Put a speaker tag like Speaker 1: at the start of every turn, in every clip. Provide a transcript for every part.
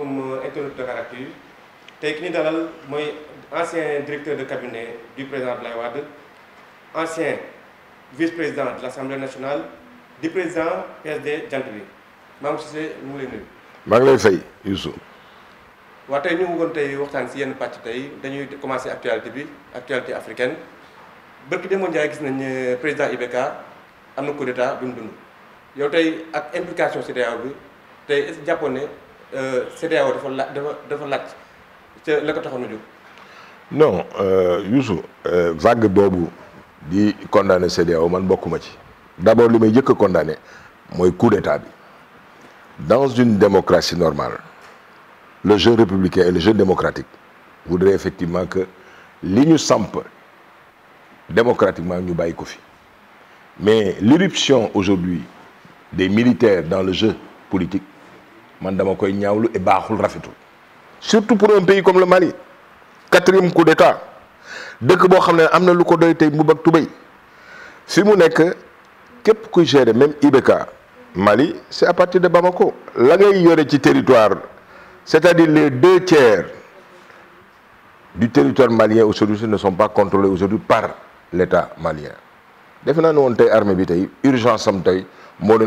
Speaker 1: comme euh, internet Dakaractu tey ki dalal ancien directeur de cabinet du président Abdoulaye Wade ancien vice-président de l'Assemblée nationale du président PSD jant bi Mame Cissé mu ngi lay nuyu.
Speaker 2: maa nous lay fay Youssou.
Speaker 1: waaw tey ñu ngi tey waxtaan si yenn pàcc tey dañuy commencer actualité bi actualité africaine bërki demoon Ndiaye gis nañ président Ibeka am na coup d'état bi mu yow tey ak implication CEDEAO bi tey est-ce euh, CDAO dafa la laaj la ko a euh
Speaker 2: non Youssou euh, vague boobu di condamné CDAO man bokuma ci d'abord limay may condamner moy coup d'état bi dans une démocratie normale le jeu républicain et le jeu démocratique voudrait effectivement que li sample démocratiquement nous bàyyi ko mais l'irruption aujourd'hui des militaires dans le jeu politique surtout pour un pays comme le Mali quatrième coup d'état dès que vous avez amené le lu ko doy Si mu gérer même Ibeka, Mali c'est à partir de Bamako il y a des territoire c'est-à-dire les deux tiers du territoire malien aujourd'hui ne sont pas contrôlés aujourd'hui par l'État malien Définitivement, naa ne armée urgence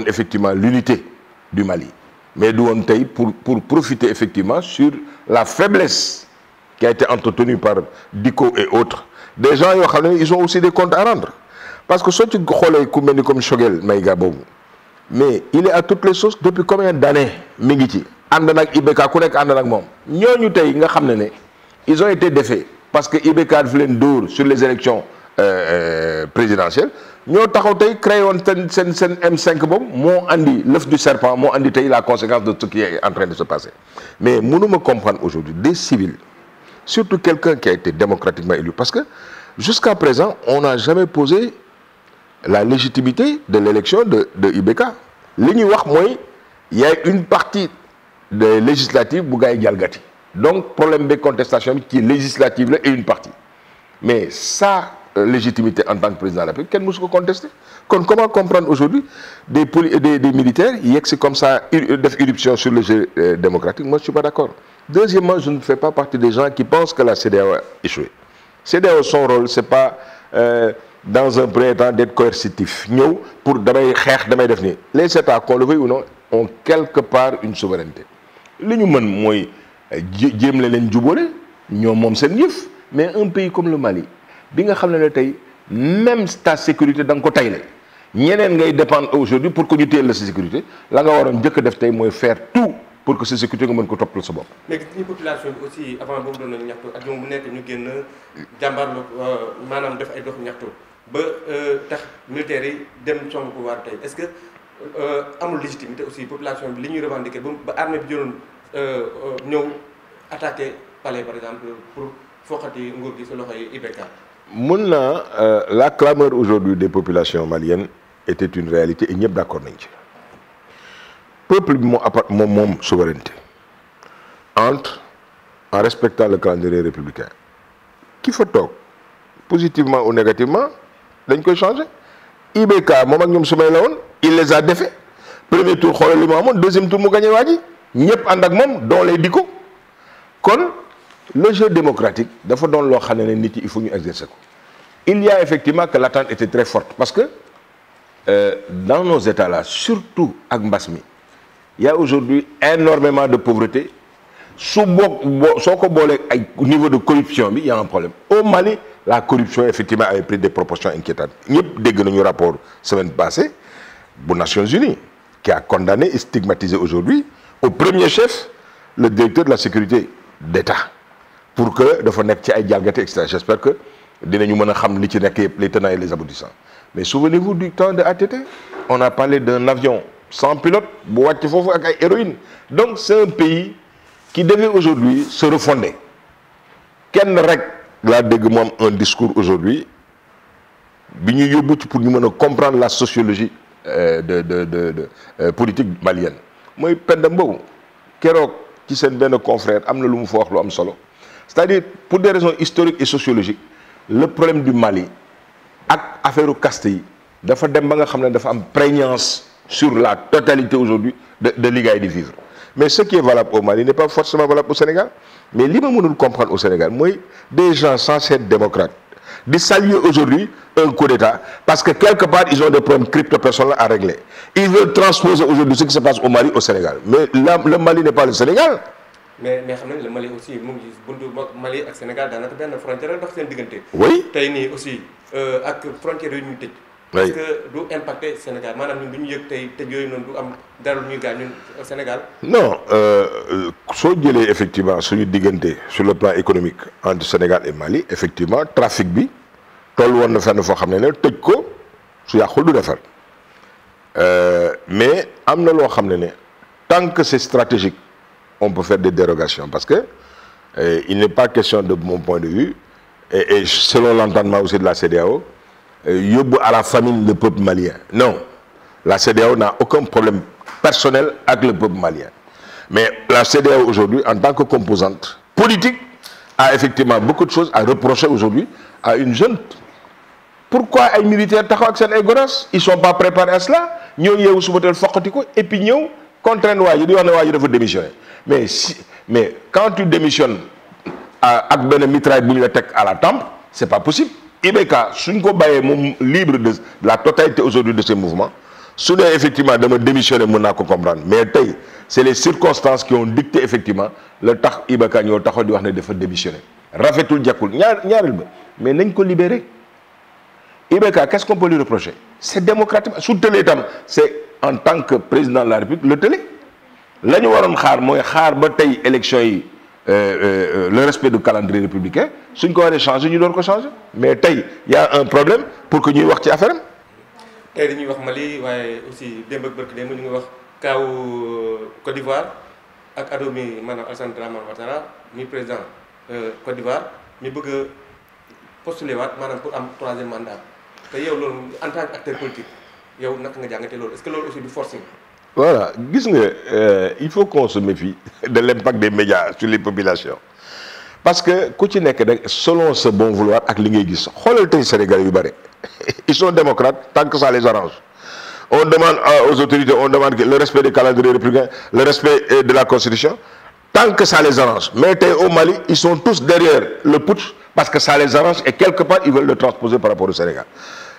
Speaker 2: effectivement l'unité du Mali mais d'où on pour pour profiter effectivement sur la faiblesse qui a été entretenue par Diko et autres des gens ils ont aussi des comptes à rendre parce que si tu ont comme Choguel mais il est à toutes les sauces depuis combien d'années Mingiti, ils ont été défaits parce que a voulait une sur les élections euh, euh, présidentielles nous avons créé un M5 qui l'œuf du serpent qui andi la conséquence de tout ce qui est en train de se passer mais nous me comprendre aujourd'hui des civils surtout quelqu'un qui a été démocratiquement élu parce que jusqu'à présent on n'a jamais posé la légitimité de l'élection de Ibeka... IBK li wax y a une partie de législative Bougaï Galgati. donc problème de contestation Qui est législative là, et une partie mais ça euh, légitimité en tant que président de la République ne mosu contester comment comprendre aujourd'hui des des des militaires que c'est comme ça une euh, irruption sur le jeu euh, démocratique moi je suis pas d'accord deuxièmement je ne fais pas partie des gens qui pensent que la CEDEAO a échoué CEDEAO son rôle c'est pas dans un premier temps d'être coercitif Nous, pour damay xeex damay def les États qu'on le veuille ou non ont quelque part une souveraineté li ñu mën mooy jéem la leen jubóole ñoom mais un pays comme le Mali bi nga xam ne la tey même ta sécurité da nga ko tayle ñeneen ngay dépendre aujourd'hui pour que ñu téyel la sécurité la nga waroon jëk def tay moy faire tout pour que sa sécurité nga mën ko topal sa bopp.
Speaker 1: mais ni population bi aussi avant boobu doon nañu ñaxtu ak ñoom bu nekk ñu génn jàmbaar euh, manam def ay dox ñaxtu ba euh, tax militaire yi dem song ko waar tey est-ce que euh, amul légitimité aussi population bi li ñuy revendiquer ba armée bi jëloon ñëw attaquer palais par exemple pour foqati ngor gi sa loxo yi IBK.
Speaker 2: Euh, la clameur aujourd'hui des populations maliennes était une réalité et d'accord nañ peuple à part mon souveraineté entre en respectant le calendrier républicain Qu'il faut-il? positivement ou négativement dañ koy changer IBK il les a défaits premier tour il deuxième tour a gagné Il ji ñëpp dans les moom le jeu démocratique il il faut exercer il y a effectivement que l'attente était très forte parce que euh, dans nos états là surtout à Mbassmi, il y a aujourd'hui énormément de pauvreté Sauf qu'au niveau de corruption il y a un problème au Mali la corruption effectivement avait pris des proportions inquiétantes avons dégg un rapport semaine passée aux Nations Unies qui a condamné et stigmatisé aujourd'hui au premier chef le directeur de la sécurité d'État pour que dafa nekk ci ay des et cetera j'espère que dinañu mën a xam li ci nekk les tenants et les aboutissants mais souvenez-vous du temps de ATT on a parlé d'un avion sans pilote bu de fofu ak héroïne donc c'est un pays qui devait aujourd'hui se refonder Quel rek laa un discours aujourd'hui pour ñu comprendre la sociologie euh, de de de de euh, politique malienne Moi, Penda Mbow qui ci bien confrères, confrère am na lu mu lu am solo c'est-à-dire pour des raisons historiques et sociologiques le problème du Mali a affaire au Castille dafa dem ba nga prégnance sur la totalité aujourd'hui de de et de vivre mais ce qui est valable au Mali n'est pas forcément valable au Sénégal mais li nous le comprendre au Sénégal Moi, des gens censés être démocrates de saluer aujourd'hui un coup d'État parce que quelque part ils ont des problèmes crypto-personnels à régler. Ils veulent transposer aujourd'hui ce qui se passe au Mali au Sénégal. Mais le Mali n'est pas le Sénégal
Speaker 1: mais mais xam nañ le Mali aussi mu ngi buntu Mali ak Sénégal daanaka benn frontière la dox seen diggante. oui tey nii aussi euh, ak frontière yooyu ñu tëj. parce que du impacté Sénégal maanaam ñun du ñu yëg tey tëj yooyu noonu du am dara lu ñuy gaañ ñun Sénégal.
Speaker 2: non euh, soo jëlee effectivement suñu diggante sur le plan économique entre Sénégal et Mali effectivement trafic bi toll woon na fenn foo xam ne ne tëj ko su yàqul du defar euh, mais am na loo xam ne ne tant que c'est stratégique on peut faire des dérogations parce que eh, il n'est pas question de mon point de vue et, selon l'entendement aussi de la CDAO, eh, y à la famine du peuple malien. Non, la CDAO n'a aucun problème personnel avec le peuple malien. Mais la CDAO aujourd'hui, en tant que composante politique, a effectivement beaucoup de choses à reprocher aujourd'hui à une jeune. Pourquoi les militaires Ils ne sont pas préparés à cela. Ils sont de démissionner mais mais quand tu démissionnes à euh, benn mitraille la à la tempe c'est pas possible Ibeka, si on est libre de la totalité aujourd'hui de ce mouvement su effectivement me démissionner ne peux pas comprendre mais c'est les circonstances qui ont dicté effectivement le tax Ibeka ñoo taxaw di wax démissionner rafetul Diakoul, mais nous ko libérer Ibeka, qu'est-ce qu'on peut lui reprocher c'est démocratique Soutenir le c'est en tant que président de la République le télé. la ñu waroon xaar mooy xaar ba tey élection yi euh, euh, euh, le respect du calendrier républicain suñ ko waree changer ñu doon ko changer mais tey y a un problème pour que ñuy wax ci affaire am.
Speaker 1: tey dañuy wax Mali waaye aussi démb ak barki démb ñu ngi wax kaaw Côte d'Ivoire ak ado mi maanaam Alassane Dramane Ouattara mi président Côte d'Ivoire mi bëgg a postuler waat maanaam pour am troisième mandat te yow loolu en tant que acteur politique yow naka nga jàngatee loolu est-ce que loolu
Speaker 2: voilà euh, il faut qu'on se méfie de l'impact des médias sur les populations parce que selon ce bon vouloir ils sont démocrates tant que ça les arrange on demande euh, aux autorités on demande le respect des calendriers républicains le respect euh, de la constitution tant que ça les arrange mais au Mali ils sont tous derrière le putsch parce que ça les arrange et quelque part ils veulent le transposer par rapport au Sénégal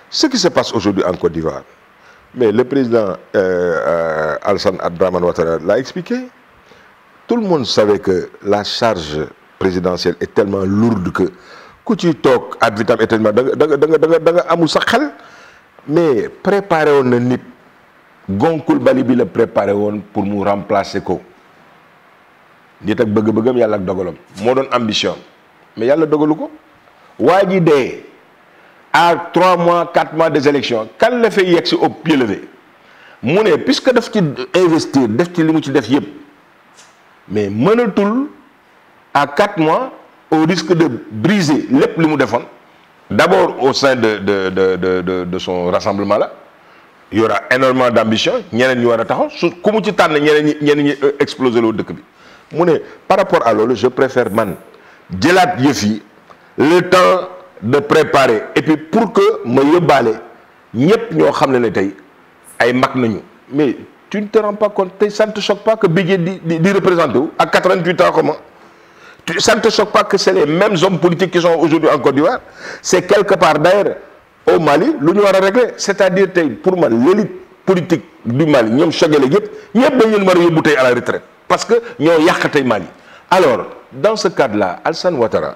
Speaker 2: ce qui se passe aujourd'hui en Côte d'Ivoire mais le président euh, euh, Alassane Abdraman Ouattara l'a expliqué. Tout le monde savait que la charge présidentielle est tellement lourde que ku ci ad mais préparé Balibi le préparé pour nous remplacer ko nit ak ambition mais il y a le à trois mois quatre mois des élections quand le fait yegg au pied levé moné puisque de ci investir def ci li mais monotone à quatre mois au risque de briser les plus de fonds d'abord au sein de de de de son rassemblement là il y aura énormément d'ambition il y aura a taxaw su ku mu ci tànn ñeneen ñi euh, exploser dëkk bi par rapport à le je préfère man de la le temps de préparer et puis pour que ma yóbbaale ñep ñoo xamné ne à une ay mag nañu mais tu ne te rends pas compte tay ça ne te choque pas que Bédié di di di à 88 ans comment tu ça ne te choque pas que c'est les mêmes hommes politiques qui sont aujourd'hui en Côte d'Ivoire c'est quelque part d'ailleurs au Mali lu ñu wara régler c'est-à-dire tay pour moi, l'élite politique du Mali ñom Choguel yëpp ñëpp dañu tay à la retraite parce que ñoo yak tay Mali alors dans ce cadre là Alsan Ouattara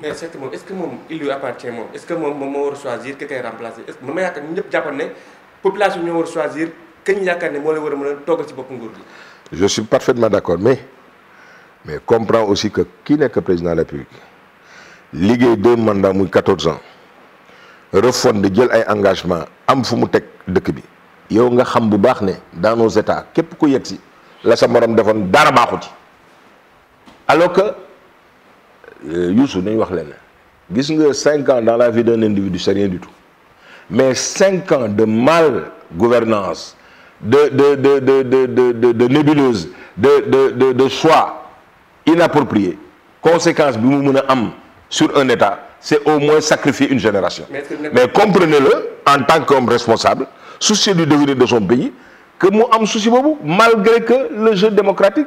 Speaker 1: mais c'est que moom est-ce que moom il lui appartient moom est-ce que moom moom moo war a choisir ki koy remplacer est-ce que ma yaakaar ñëpp jàppoon ne population ñoo war a choisir que ñu yaakaar ne moo la war a mën a toggal ci bopp nguur gi.
Speaker 2: je suis parfaitement d'accord mais mais comprends aussi que ki nekk président de la République liggéey deux mandats muy 14 ans refondé jël ay engagement am fu mu teg dëkk bi. yow nga xam bu baax ne dans nos états képp ku yegg si la sa morom defoon dara baaxuti alors que. Euh, Youssou ans dans la vie d'un individu c'est rien du tout mais 5 ans de mal gouvernance de de de de de nébuleuse de de de choix inappropriés conséquence que sur un état c'est au moins sacrifier une génération mais comprenez-le en tant qu'homme responsable soucieux du devenir de son pays que mu am souci vous, malgré que le jeu démocratique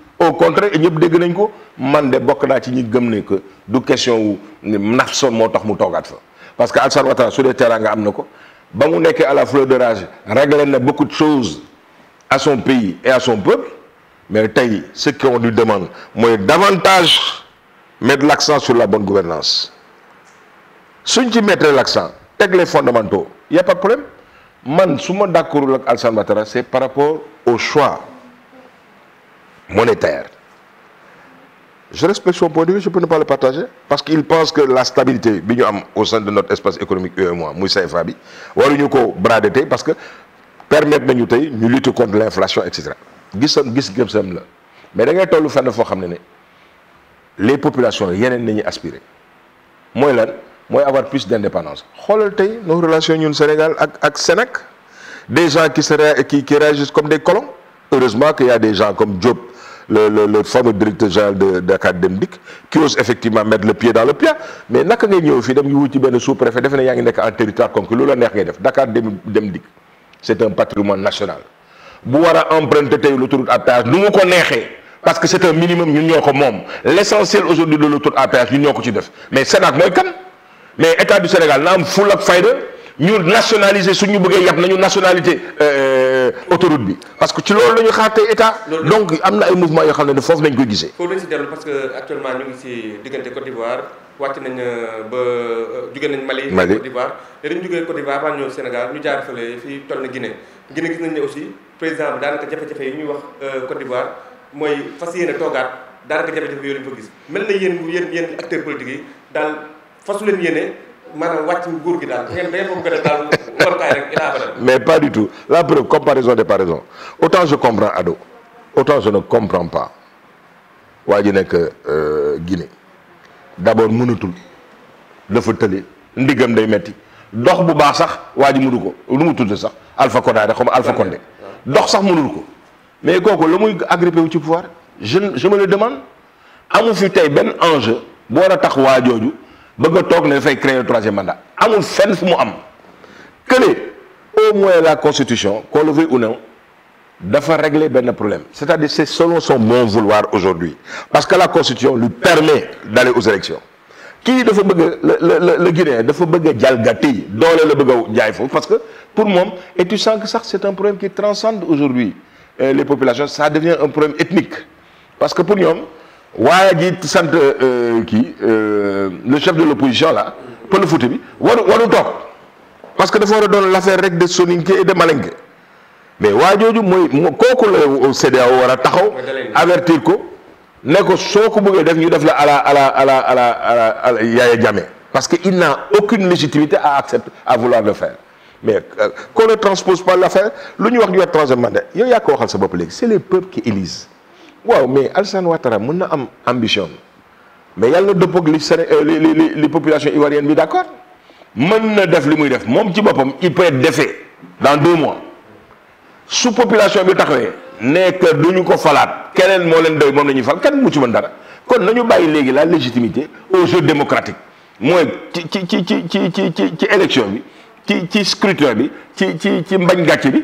Speaker 2: au contraire ñep dégg nañ ko man de bokk naa ci ñi gëm ne que du question wu Nafson mo tax mu togat fa parce que Alassane sur le terrain, teraanga am na ko ba mu nekk à la fleur de rage régler na beaucoup de choses à son pays et à son peuple mais tay ce qu'on lui demande moy davantage mettre l'accent sur la bonne gouvernance suñ ci mettre l'accent teg les fondamentaux il y a pas de problème man suma d'accord d'accordul ak Alassane Ouattara c'est par rapport au choix monétaire. Je respecte son point de vue, je peux ne pas le partager, parce qu'il pense que la stabilité au sein de notre espace économique, eux et moi, Moussa et Fabi, nous avons parce que permettre nañu lutter contre l'inflation Etc mais da le fait un les populations rien n'est aspiré Moi, lan avoir plus d'indépendance Regardez nos relations au Sénégal Avec ak Sénac des gens qui qui qui réagissent comme des colons heureusement qu'il y a des gens comme Job le, le, le, fameux directeur général d'Académique, qui ose effectivement mettre le pied dans le pied Mais il y a des gens qui ont benn sous-préfet qui ne en territoire conclu la Dakar c'est un patrimoine national bu emprunter l'autoroute à péage nous connaissons parce que c'est un minimum de l'union l'essentiel aujourd'hui de l'autoroute à péage ñun mais c'est un kan mais l'état du Sénégal na am ful ak fayda ñu nationaliser suñu bëggee yab nañu nationalité euh autoroute bi parce que ci loolu la ñu xaar tey état. donc amna ay mouvement yo xamné ne ne foofu lañ koy gisee.
Speaker 1: foofu lañ si dellu parce que actuellement ñu ngi si diggante Côte d'Ivoire wàcc nañ euh, ba euh, jugee nañ Mali. Côte d'Ivoire dañu ñu Côte d'Ivoire ba ñëw Sénégal ñu jaar fële fii toll na Guinée. Guinée gis nañ né aussi président bi daanaka jafé jafé yi ñu wax euh, Côte d'Ivoire moy fas yéene toogaat daanaka jafe jafé yooyu lañ fa gis mel na yeen yéen yéen acteurs politiques yi daal fasu leen yéene maanaam wàcc nguur gi daal da ngeen da ngeen moom gën a daal warkaay rek ilaa
Speaker 2: mais pas du tout la preuve comparaison des paraisons autant je comprends Ado autant je ne comprends pas waa ji nekk euh, Guinée d'abord mënatul dafa tële Ndigam day metti dox bu baax sax waa ji mënu ko lu mu tudd sax Alpha Condé comme Alpha Condé dox sax mënul ko mais Koko, la muy agrippé wu ci pouvoir je je me le demande amu fi tey benn enjeu bu war tax waa bëgg ne toog ne un troisième mandat amul fenn mu am que les au moins la constitution qu'on le veuille ou non doit régler le problème c'est-à-dire c'est selon son bon vouloir aujourd'hui parce que la constitution lui permet d'aller aux élections Qui dafa bëgg le le Guinéen dafa bëgg a le doole parce que pour moi, et tu sens que ça, c'est un problème qui transcende aujourd'hui euh, les populations ça devient un problème ethnique parce que pour nous... Ouais, euh, euh, euh, le chef de l'opposition là le Fouta bi waru waru toog parce que nous avons a l'affaire rek de Soninké et de Malinké mais il jooju le a taxaw avertir ko ne ko soo ko def ñu la à la à la à la à la à la Yaya parce qu'il n'a aucune légitimité à accepter à vouloir le faire mais euh, qu'on ne transpose pas l'affaire l'Union ñu wax ñu troisième mandat a ko sa c'est les peuples qui élisent waaw mais Alassane Ouattara a am ambition mais il na le li les les, les, les population ivoirienne bi d' accord def li muy def ci il peut être défait dans deux mois Sous population bi taxawé N'est que ñu ko falat kenen mo len doy mom lañu fal kenn mu ci mën dara kon nañu bàyyi légui la légitimité au jeu démocratique moy ci ci ci ci ci ci ci élection bi ci ci scrutin bi ci ci ci mbagn bi.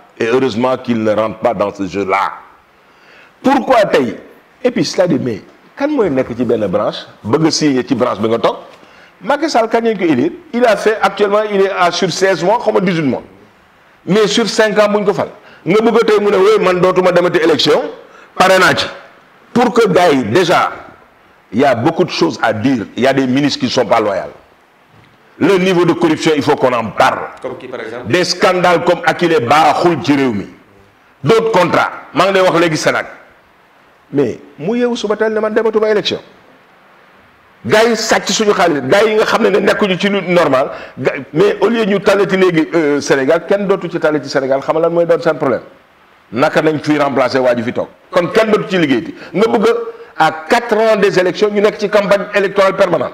Speaker 2: Et heureusement qu'il ne rentre pas dans ce jeu-là. Pourquoi Et puis cela dit, mais quand je suis ci benn branche bëgg a ci branche bi nga toog Macky Sall kañ il a fait actuellement il est à sur 16 mois comme 18 mois mais sur 5 ans il ko fal nga bëgg a tey mu ne de man élection pour que gars déjà il y a beaucoup de choses à dire il y a des ministres qui ne sont pas loyaux le niveau de corruption il faut qu'on en parle.
Speaker 1: comme qui par exemple. des
Speaker 2: scandales comme Akile baaxul ci réew d'autres contrats maa ngi lay wax Sénat mais mu yeewu suba teel ne man dematuma élection gars yi sàcc suñu xaalis gars yi nga xam ne ne ci lu normal mais au lieu ñu talati léegi euh, Sénégal ken dootu ci talati Sénégal xam lan mooy doon seen problème naka nañ ciy remplacer waa ji fi toog kon kenn dootu ci liggéeyati nga bëgg à quatre ans des élections ñu nekk ci campagne électorale permanente.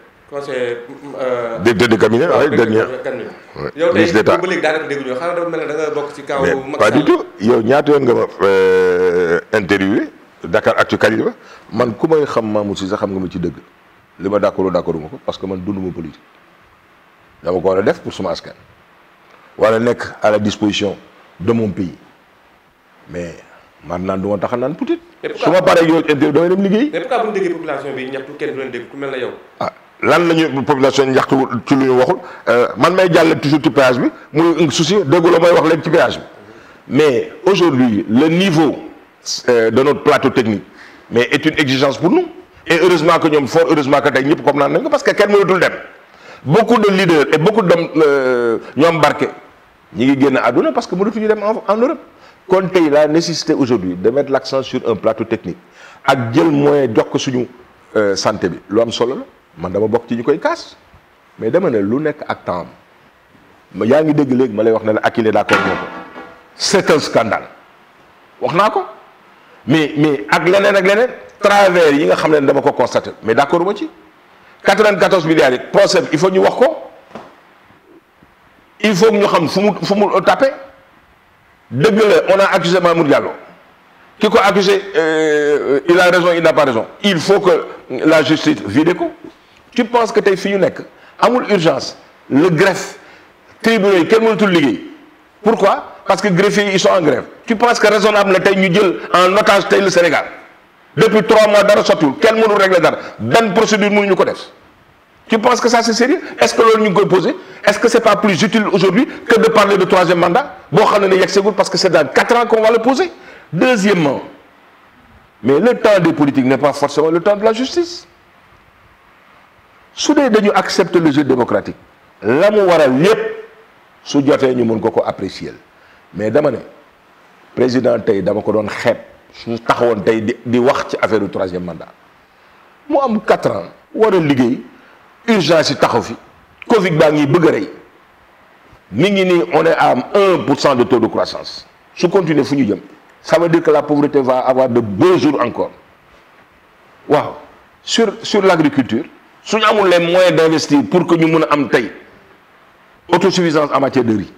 Speaker 1: conseil de de cabinet waaye dernier yow tey ba léegi daanaka ñu xanaa dafa mel da nga bokk ci kaw Macky pas du tout
Speaker 2: yow ñaata yoon nga ma interviewé Dakar Actu Kañ ba man ku may xam Mamour Cissé xam nga ma ci dëgg li ma d'accord d'accord parce que man dunduma politique dama ya, ko war a def pour suma askan wala à la disposition de mon pays mais man a interview dem mais
Speaker 1: pourquoi bu population bi kenn du ku mel na yow
Speaker 2: ah lan la population ñu ci lu ñu waxul euh, man may jallé toujours ci péage bi muy souci dégg la may wax lén ci péage bi mais aujourd'hui le niveau euh, de notre plateau technique mais est une exigence pour nous et heureusement que ñom fort heureusement que tay ñep comme nan nga parce que kenn mënatul dem beaucoup de leaders et beaucoup d'hommes euh, ñom barké ñi ngi génn aduna parce que mënatuñu dem en Europe kon tay la nécessité aujourd'hui de mettre l'accent sur un plateau technique ak jël moyen jox ko suñu santé bi lu am solo la man dama ci mais dama ne lu pas ak tam wax d'accord c'est un scandale wax mais mais ak leneen ak leneen travers yi nga dama ko constaté mais d'accord ma ci 94 milliards il faut ñu wax ko il faut ñu xam tapé on a accusé Mamour qui a accusé euh, il a raison il n'a pas raison il faut que la justice vide ko tu penses que tu es ñu nekk amul urgence le greffe tribunaux quel tu le lié? pourquoi parce que greffiers ils sont en grève tu penses que raisonnable tu es ñu jël en otage le Sénégal depuis trois mois dara Quel quel nous régler dara la procédure nous nous tu penses que ça c'est sérieux est-ce que nous ñu est est-ce que c'est pas plus utile aujourd'hui que de parler de troisième mandat Bon, on ne parce que c'est dans quatre ans qu'on va le poser deuxièmement mais le temps des politiques n'est pas forcément le temps de la justice su vous dañu accepter le jeu démocratique la mu waral su ñu apprécier mais dama ne président tey dama ko doon xeeb su di wax ci troisième mandat Moi, am 4 ans suis a ligue, urgence est taxaw fi Covid bangi ngi bëgg a on est à 1% de taux de croissance Si continuer continuez ça veut dire que la pauvreté va avoir de beaux jours encore waaw sur sur l'agriculture si nous avons les moyens d'investir pour que nous puissions autosuffisance en matière de riz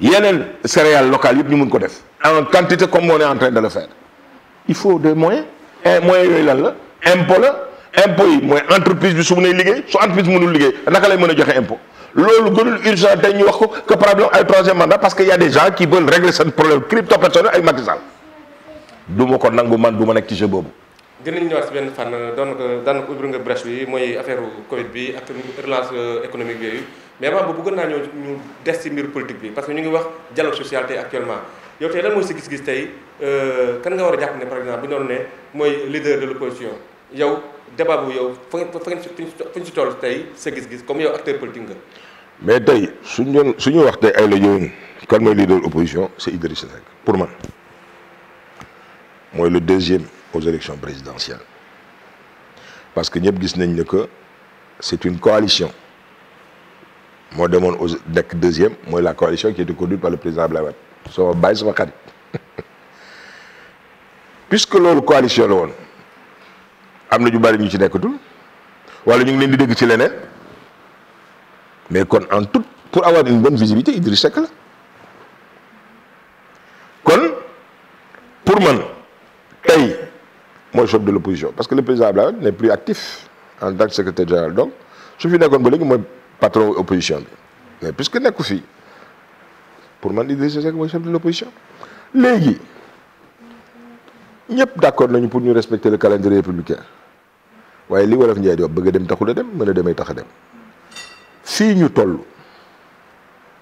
Speaker 2: y des céréales locales qui ñu les ko en quantité comme on est en train de le faire il faut des moyens eh, moyens yooyu lan la impôt un impôt une entreprise qui nous mënee liggéey su entreprise mënul liggéey naka lay mën a joxe impôt loolu gënul urgent tey Que wax ko que problème ay troisième mandat parce qu'il y a des gens qui veulent régler ce problème crypto personnel ay Macky Je ne ko nangu man
Speaker 1: dinañ ñëwaat si benn fànn daanaka daanaka ubbi nga brèche bi mooy affaire Covid bi ak relance euh, économique bi yooyu mais avant boobu bëgg naa ñëw ñu des si mbir politique bi parce que ñu ngi wax dialogue socialité actuellement yow tey lan mooy si gis-gis tey euh, kan nga war a jàpp ne par exemple bu ñu doon ne mooy leader de l' opposition yow débat bu yow fa ngeen fa ñu si toll tey sa gis-gis comme yow acteur politique nga. mais tey
Speaker 2: suñu doon suñu wax tey ay la yoon kan mooy leader opposition c' est Idrissa Seck pour man mooy le deuxième aux élections présidentielles parce que nous gis nañ que c'est une coalition Moi demande au DEC deuxième moi, la coalition qui était conduite par le président Blavat. puisque loolu coalition on amène du na ñu bari ñu ci nekkatul wala ñu ngi mais kon en tout pour avoir une bonne visibilité il ça la kon pour moi, je chef de l'opposition parce que le président Blaise n'est plus actif en tant que secrétaire général donc je suis d'accord je suis patron de l'opposition mais puisque suis suis pour man que suis je chef de l'opposition Nous sommes d'accord pour nous respecter le calendrier républicain Mais ce dem dem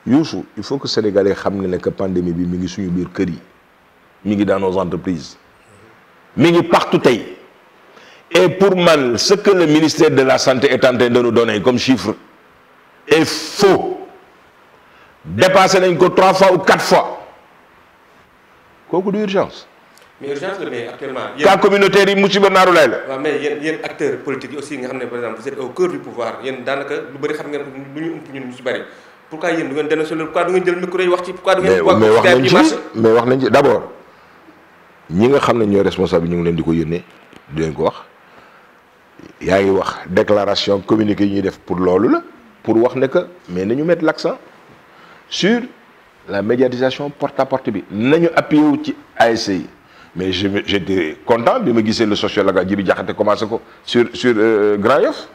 Speaker 2: il faut que sénégalais xam que pandémie bi dans nos entreprises mingi partout tay et pour mal ce que le ministère de la santé est en train de nous donner comme chiffre est faux dépassé nañ ko trois fois ou quatre fois kooku d'urgence
Speaker 1: d'urgence. mais urgence mais actuellement. Quand communauté yi musiba naaru laay la. mais yéen yéen acteurs acteur yi aussi par exemple vous êtes au cœur du pouvoir yéen daanaka lu bëri xam ngeen lu ñu ump ñun ñu si bëri pourquoi y du une dénoncer pourquoi du ngeen jël micro yi wax ci pourquoi du ngeen. mais wax
Speaker 2: mais wax nañ ci ñi nga xamné ñoy responsable ñu ngi leen di ko yónnee di leen ko wax yaa wax déclaration communiqué ñi def pour lolu la pour wax né que mais nañu mettre l'accent sur la médiatisation porte à porte bi nañu appuyé wu ci ASC mais je j'étais content bi ma gisee le sociologue Djibi Diakhaté commencé ko sur sur euh, Grand Yoff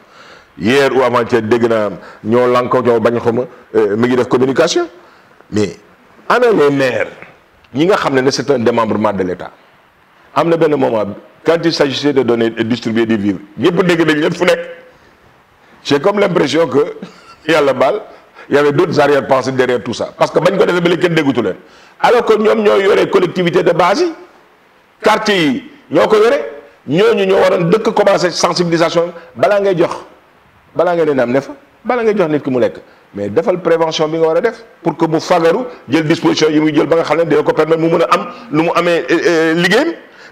Speaker 2: hier ou avant-hier dégg naa ñoo lanko ñoo bañ xoma euh, mi ngi def communication mais ana les maires ñi nga xamné c'est un démembrement de l'État am na moment quand il s'agissait de donner de distribuer des vivres ñëpp dégg nañ leen j'ai comme l'impression que mal, il y avait d'autres arrière-pensées derrière tout ça parce que bañ ko defee ba léegi kenn alors que ñoom ñoo yore collectivité de base quartier yi ñoo ko yore ñoo waroon dëkk commencer sensibilisation bala ngay jox bala ngay ne am ne bala ngay jox nit ki mu lekk mais defal prévention bi nga wara a def pour que mu fagaru jël disposition yi muy jël ba nga xam ne ko permettre mu mëna a am lu mu amé euh, euh, liggéeyam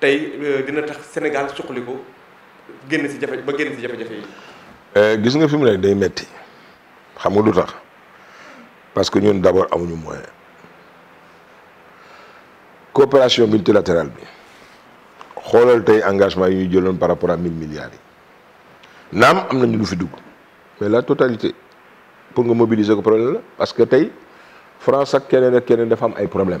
Speaker 1: tey dina euh, tax Sénégal suqali ko génn si jafe ba génn si jafe-jafe yi.
Speaker 2: Euh, gis nga fi mu ne day metti xam nga lu tax parce que ñun d'abord amuñu moyen coopération multilatérale bi xoolal tey engagement yi ñu jëloon par rapport à mille milliards yi naam am nañu lu fi dugg mais la totalité pour nga mobiliser ko problème la parce que tey France ak keneen ak keneen dafa am ay problème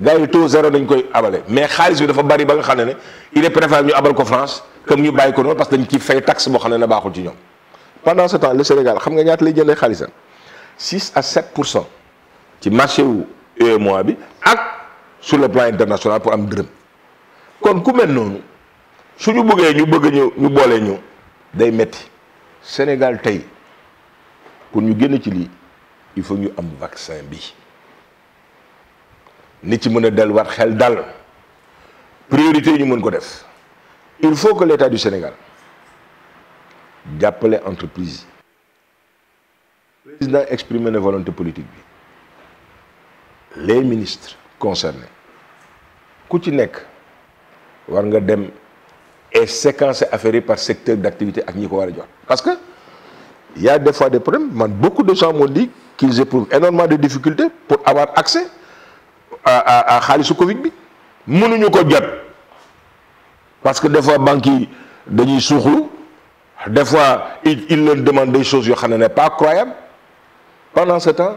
Speaker 2: gars yi taux zéro dañ koy abalé mais xaalis bi dafa bari ba nga xamné il est préférable ñu abal ko France comme ñu bay ko non parce dañ ci fay taxe bo xamné na baxul ci ñom pendant ce temps le Sénégal xam nga ñaat lay jëndee xaalisam 6 à 7 ci marché wu UEMOA bi ak sur le plan international pour am dërëm kon ku mel nonu suñu ñu ñu bëgg ñu ñu bolé ñu day metti Sénégal tay pour ñu génn ci lii il faut ñu am vaccin bi ni ci mën a dal priorité ñu il faut que l'État du Sénégal les l'entreprise. Le président exprime une volonté politique les ministres concernés Koutinek, Wangadem, et séquencer affaire par secteur d'activité à Niko parce que il y a des fois des problèmes beaucoup de gens m'ont dit qu'ils éprouvent énormément de difficultés pour avoir accès à à Covid bi mënuñu ko jot parce que des fois banquiers sont dañuy des fois ils leur demandent des choses Qui ne sont pas croyables pendant ce temps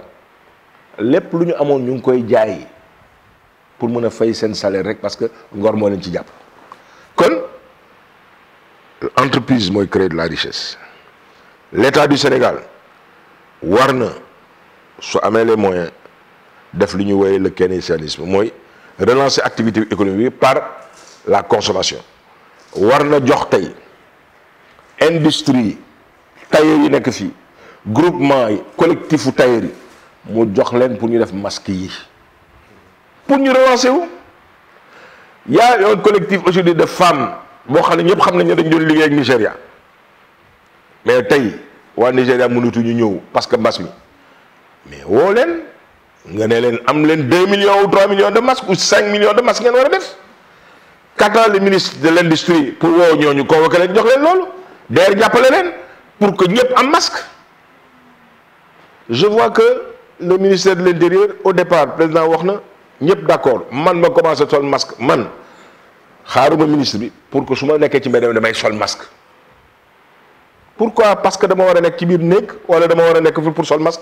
Speaker 2: les plus ñu amoon ñu ngi koy pour mën a fay salaire parce que ngor moo leen ci jàpp kon entreprise crée de la richesse l'État du Sénégal Warner, soit su les moyens def le keynésianisme mooy relancer l'activité économique par la consommation Warner na jox industrie tailleur yi nekk fii groupement collectif collectifu tailleur yi pour nous def masque pour nous relancer où Il y a un collectif aujourd'hui de femmes boo xam ne ñëpp xam nañ ne dañ doon liggéey ak Nigéria mais tey Nigeria, Nigéria ñëw parce que mbas mais woo leen nga ne 2 millions ou 3 millions de masques ou 5 millions de masques ngeen a le ministre de l'industrie pour pour que un masque je vois que le ministère de l'intérieur au départ le président Wachna n'est pas d'accord. je man à commencé sol masque man le ministre pour que su ma nekkee masque pourquoi parce que dama war a masque.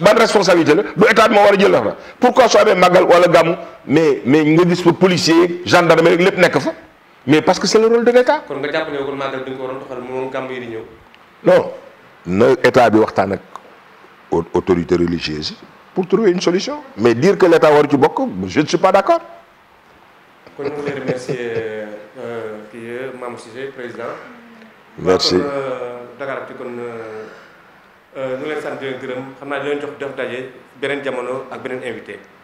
Speaker 2: ban responsabilité la du état bi moo jël la pourquoi soo magal wala gàmmu mais mais nga gis fa policier
Speaker 1: gendarme lepp nek
Speaker 2: fa mais parce que c'est le rôle de
Speaker 1: l'état kon nga jàpp ne kon màggal bi nga ko waroon doxal moom gàmmu yi di ñëw.
Speaker 2: non na état bi waxtaan ak autorité religieuse
Speaker 1: pour trouver une solution
Speaker 2: mais dire que l'état état war ci bokk je ne suis pas d'accord accord.
Speaker 1: kon ñu remercier euh remercier euh, kii Mame Cissé président. merci euh, Dakaractu kon. Euh, Euh, ñu ngi leen sant di leen gërëm xam naa leen jox def daje beneen jamono ak beneen invité